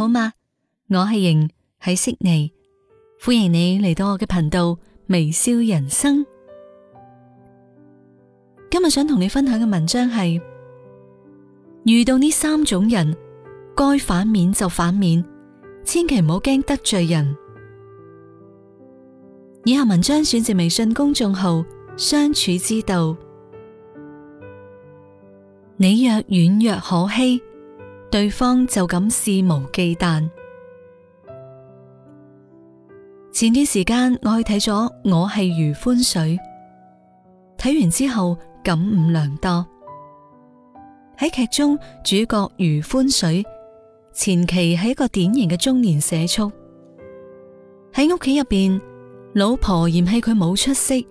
好嗎，我係瑩，喺悉尼，歡迎你嚟到我嘅頻道微笑人生。今日想同你分享嘅文章係遇到呢三種人，該反面就反面，千祈唔好驚得罪人。以下文章選自微信公眾號相處之道。你若軟弱可欺。對方就咁肆無忌憚。前段時間我去睇咗《我係余歡水》，睇完之後感悟良多。喺劇中主角余歡水前期係一個典型嘅中年社畜，喺屋企入邊，老婆嫌棄佢冇出息，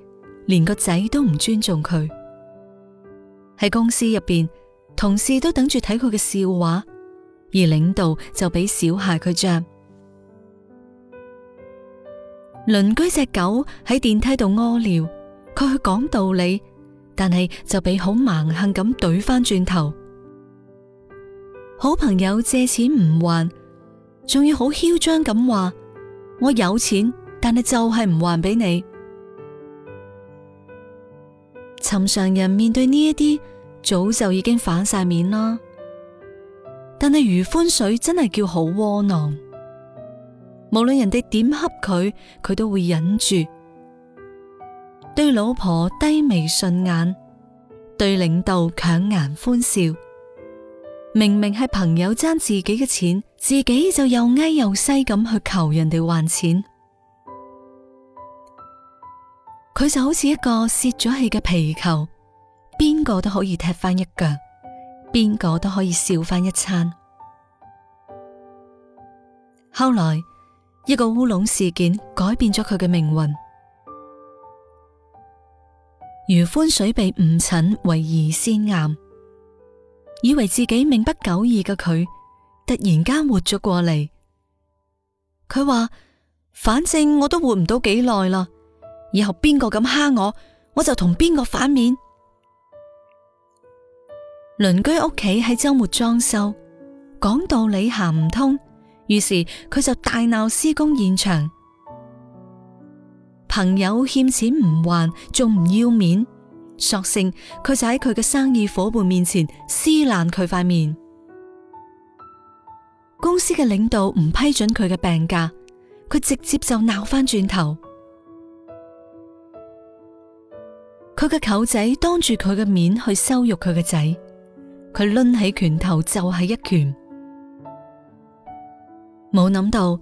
連個仔都唔尊重佢；喺公司入邊，同事都等住睇佢嘅笑話。而領導就俾小孩佢着。鄰居隻狗喺電梯度屙尿，佢去講道理，但係就俾好蠻橫咁懟翻轉頭。好朋友借錢唔還，仲要好囂張咁話：我有錢，但係就係唔還俾你。尋常人面對呢一啲，早就已經反晒面啦。但係余歡水真係叫好窩囊，無論人哋點恰佢，佢都會忍住，對老婆低眉順眼，對領導強顏歡笑。明明係朋友爭自己嘅錢，自己就又矮又細咁去求人哋還錢。佢就好似一個洩咗氣嘅皮球，邊個都可以踢返一腳。邊個都可以笑翻一餐。後來，一個烏龍事件改變咗佢嘅命運。余歡水被誤診為胰腺癌，以為自己命不久矣嘅佢，突然間活咗過嚟。佢話：反正我都活唔到幾耐啦，以後邊個咁蝦我，我就同邊個反面。鄰居屋企喺周末裝修，講道理行唔通，於是佢就大鬧施工現場。朋友欠錢唔還，仲唔要面，索性佢就喺佢嘅生意伙伴面前撕爛佢塊面。公司嘅領導唔批准佢嘅病假，佢直接就鬧翻轉頭。佢嘅舅仔當住佢嘅面去羞辱佢嘅仔。佢掄起拳頭就係一拳，冇諗到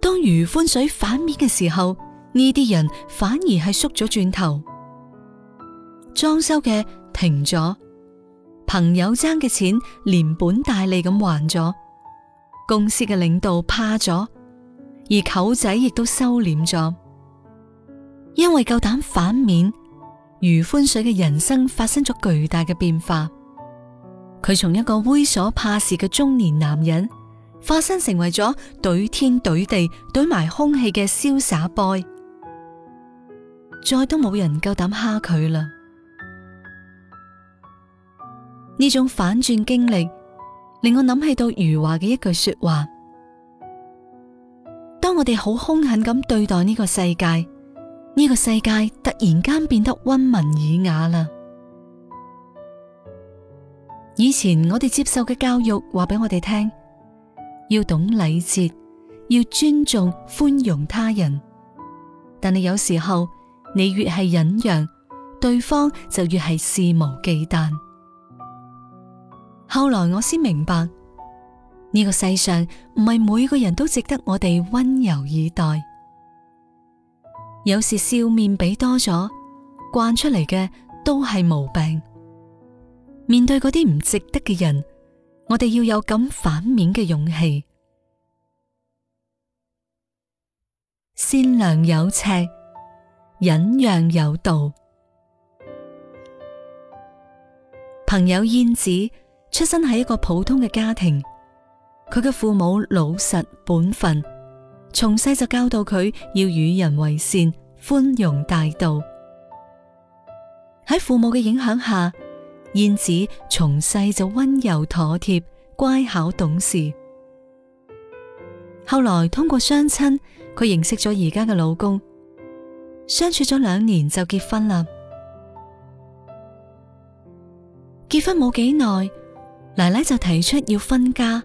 當余歡水反面嘅時候，呢啲人反而係縮咗轉頭，裝修嘅停咗，朋友爭嘅錢連本帶利咁還咗，公司嘅領導怕咗，而舅仔亦都收斂咗，因為夠膽反面，余歡水嘅人生發生咗巨大嘅變化。佢從一個猥瑣怕事嘅中年男人，化身成為咗懟天懟地懟埋空氣嘅瀟灑 boy，再都冇人夠膽蝦佢啦！呢種反轉經歷，令我諗起到余華嘅一句說話：當我哋好兇狠咁對待呢個世界，呢個世界突然間變得溫文爾雅啦。以前我哋接受嘅教育，話俾我哋聽，要懂禮節，要尊重、寬容他人。但係有時候，你越係忍讓，對方就越係肆無忌憚。後來我先明白，呢個世上唔係每個人都值得我哋溫柔以待。有時笑面俾多咗，慣出嚟嘅都係毛病。面對嗰啲唔值得嘅人，我哋要有咁反面嘅勇氣，善良有尺，忍讓有度。朋友燕子出生喺一個普通嘅家庭，佢嘅父母老實本分，從細就教導佢要與人為善，寬容大度。喺父母嘅影響下，燕子從細就温柔妥帖、乖巧懂事，後來通過相親，佢認識咗而家嘅老公，相處咗兩年就結婚啦。結婚冇幾耐，奶奶就提出要分家，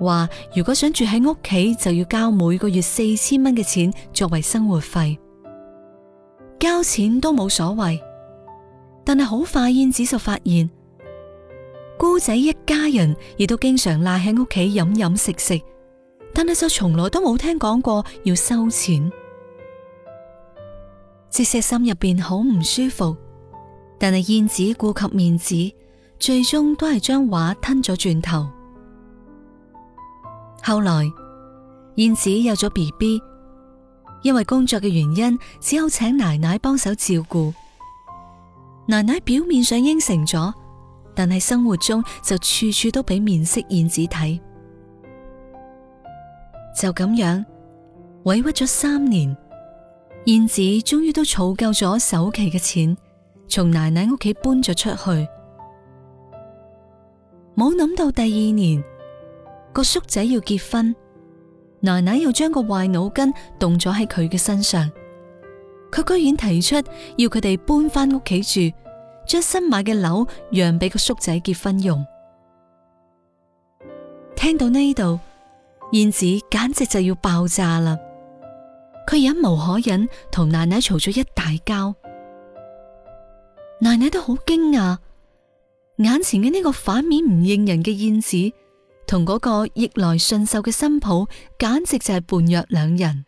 話如果想住喺屋企就要交每個月四千蚊嘅錢作為生活費，交錢都冇所謂。但係好快，燕子就發現姑仔一家人亦都經常賴喺屋企飲飲食食，但係就從來都冇聽講過要收錢。即使心入邊好唔舒服，但係燕子顧及面子，最終都係將話吞咗轉頭。後來燕子有咗 BB，因為工作嘅原因，只好請奶奶幫手照顧。奶奶表面上應承咗，但係生活中就處處都俾面色燕子睇。就咁樣委屈咗三年，燕子終於都儲夠咗首期嘅錢，從奶奶屋企搬咗出去。冇諗到第二年個叔仔要結婚，奶奶又將個壞腦筋動咗喺佢嘅身上，佢居然提出要佢哋搬返屋企住。將新買嘅樓讓俾個叔仔結婚用。聽到呢度，燕子簡直就要爆炸啦！佢忍無可忍，同奶奶吵咗一大交。奶奶都好驚訝，眼前嘅呢個反面唔認人嘅燕子，同嗰個逆來順受嘅新抱，簡直就係判若兩人。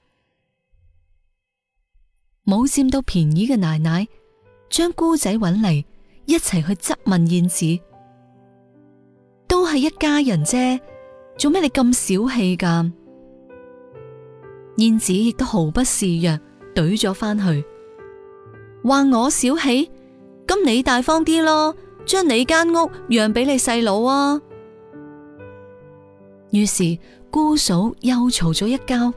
冇佔到便宜嘅奶奶，將姑仔搵嚟，一齊去質問燕子，都係一家人啫，做咩你咁小氣㗎？燕子亦都毫不示弱，懟咗翻去，話我小氣，咁你大方啲咯，將你間屋讓俾你細佬啊。於是姑嫂又嘈咗一交。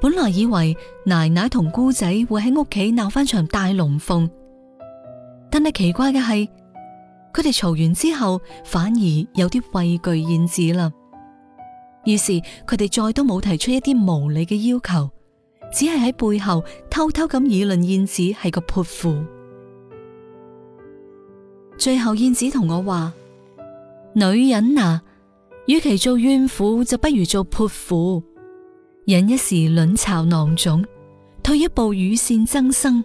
本來以為奶奶同姑仔會喺屋企鬧翻場大龍鳳。但係奇怪嘅係，佢哋嘈完之後，反而有啲畏懼燕子啦。於是佢哋再都冇提出一啲無理嘅要求，只係喺背後偷偷咁議論燕子係個潑婦。最後燕子同我話：女人嗱、啊，與其做怨婦，就不如做潑婦。忍一時，卵巢囊腫；退一步，乳腺增生。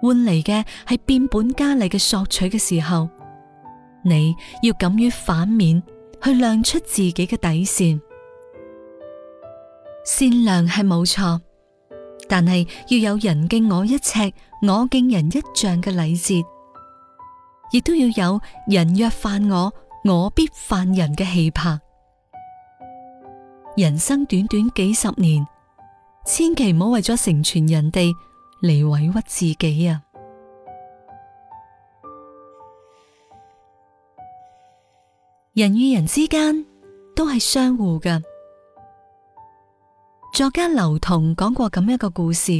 換嚟嘅係變本加厲嘅索取嘅時候，你要敢於反面，去亮出自己嘅底線。善良係冇錯，但係要有人敬我一尺，我敬人一丈嘅禮節，亦都要有人若犯我，我必犯人嘅氣魄。人生短短幾十年，千祈唔好為咗成全人哋。嚟委屈自己啊！人與人之間都係相互噶。作家劉同講過咁一個故事：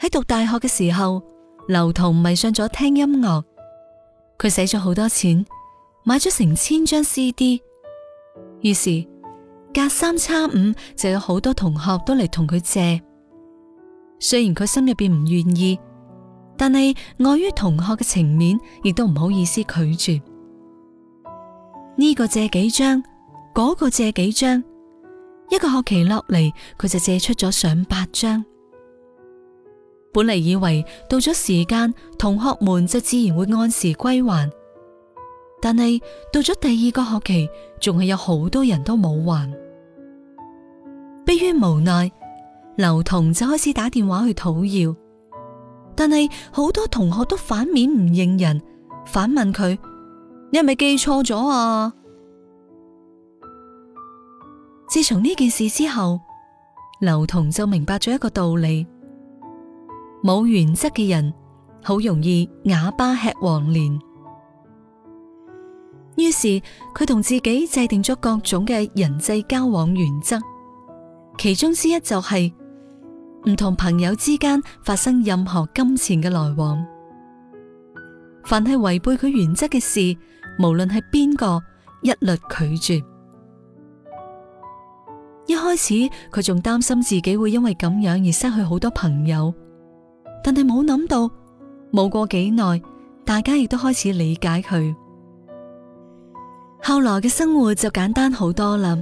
喺讀大學嘅時候，劉同迷上咗聽音樂，佢使咗好多錢，買咗成千張 CD。於是隔三差五就有好多同學都嚟同佢借。雖然佢心入邊唔願意，但係礙於同學嘅情面，亦都唔好意思拒絕。呢個借幾張，嗰個借幾張，一個學期落嚟，佢就借出咗上百張。本嚟以為到咗時間，同學們就自然會按時歸還，但係到咗第二個學期，仲係有好多人都冇還，迫於無奈。劉同就開始打電話去討要，但係好多同學都反面唔認人，反問佢：你係咪記錯咗啊？自從呢件事之後，劉同就明白咗一個道理：冇原則嘅人好容易啞巴吃黃連。於是佢同自己制定咗各種嘅人際交往原則，其中之一就係、是。唔同朋友之間發生任何金錢嘅來往，凡係違背佢原則嘅事，無論係邊個，一律拒絕。一開始，佢仲擔心自己會因為咁樣而失去好多朋友，但係冇諗到，冇過幾耐，大家亦都開始理解佢。後來嘅生活就簡單好多啦，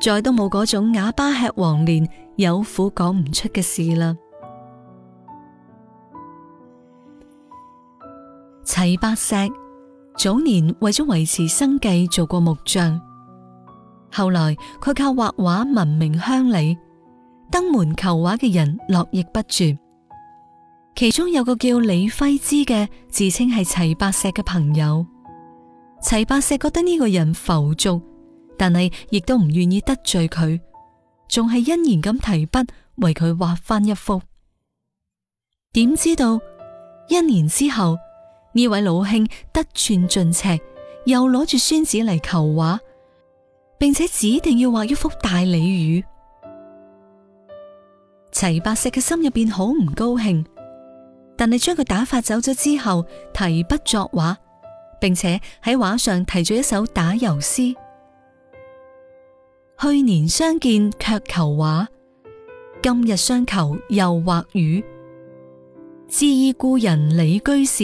再都冇嗰種啞巴吃黃連。有苦講唔出嘅事啦。齊白石早年為咗維持生計做過木匠，後來佢靠畫畫聞名鄉里，登門求畫嘅人絡繹不絕。其中有個叫李輝芝嘅，自稱係齊白石嘅朋友。齊白石覺得呢個人浮躁，但係亦都唔願意得罪佢。仲係欣然咁提筆為佢畫翻一幅，點知道一年之後呢位老兄得寸進尺，又攞住宣紙嚟求畫，並且指定要畫一幅大鯉魚。齊白石嘅心入邊好唔高興，但係將佢打發走咗之後，提筆作畫，並且喺畫上提咗一首打油詩。去年相見卻求畫，今日相求又畫魚。知意故人李居士，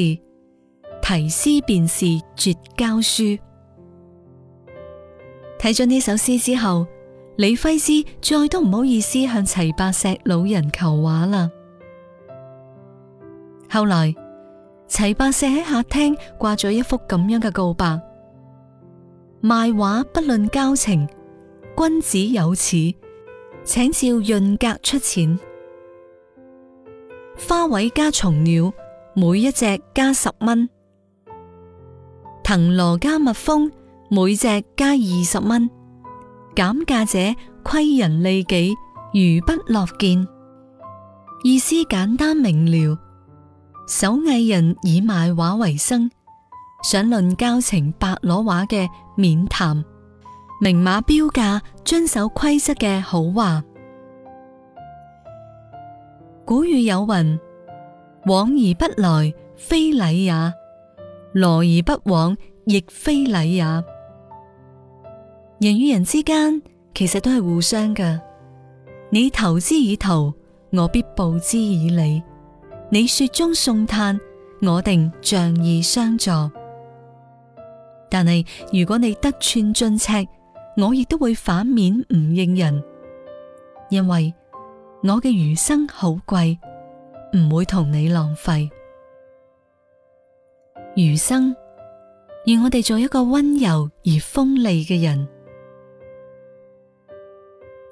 題詩便是絕交書。睇咗呢首詩之後，李輝之再都唔好意思向齊白石老人求畫啦。後來，齊白石喺客廳掛咗一幅咁樣嘅告白：賣畫不論交情。君子有恥，請照潤格出錢。花卉加蟲鳥，每一隻加十蚊；藤蘿加蜜蜂，每隻加二十蚊。減價者虧人利己，如不樂見。意思簡單明了。手藝人以賣畫為生，想論交情白，白攞畫嘅免談。明碼標價，遵守規則嘅好話。古語有云：往而不來，非禮也；來而不往，亦非禮也。人與人之間其實都係互相嘅。你投之以桃，我必報之以李；你雪中送炭，我定仗義相助。但係如果你得寸進尺，我亦都會反面唔認人，因為我嘅餘生好貴，唔會同你浪費餘生。願我哋做一個温柔而鋒利嘅人。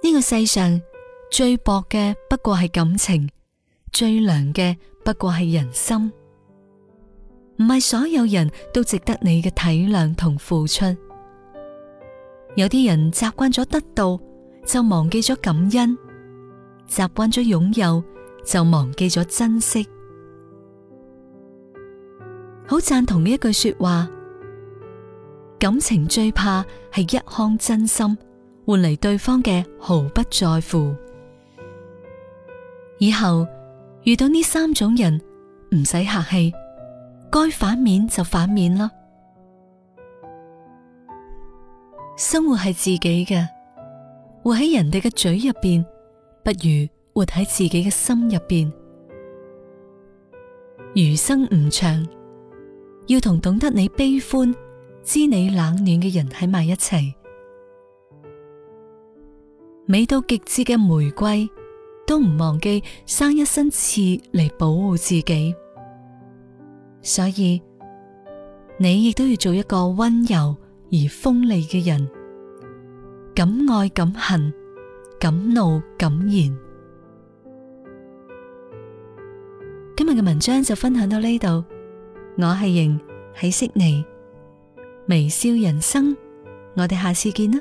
呢個世上最薄嘅不過係感情，最涼嘅不過係人心。唔係所有人都值得你嘅體諒同付出。有啲人習慣咗得到就忘記咗感恩，習慣咗擁有就忘記咗珍惜。好贊同呢句說話，感情最怕係一腔真心換嚟對方嘅毫不在乎。以後遇到呢三種人，唔使客氣，該反面就反面啦。生活係自己嘅，活喺人哋嘅嘴入邊，不如活喺自己嘅心入邊。餘生唔長，要同懂得你悲歡、知你冷暖嘅人喺埋一齊。美到極致嘅玫瑰，都唔忘記生一身刺嚟保護自己。所以你亦都要做一個溫柔。而鋒利嘅人，敢愛敢恨，敢怒敢言。今日嘅文章就分享到呢度，我係瑩，喺悉尼，微笑人生，我哋下次見啦。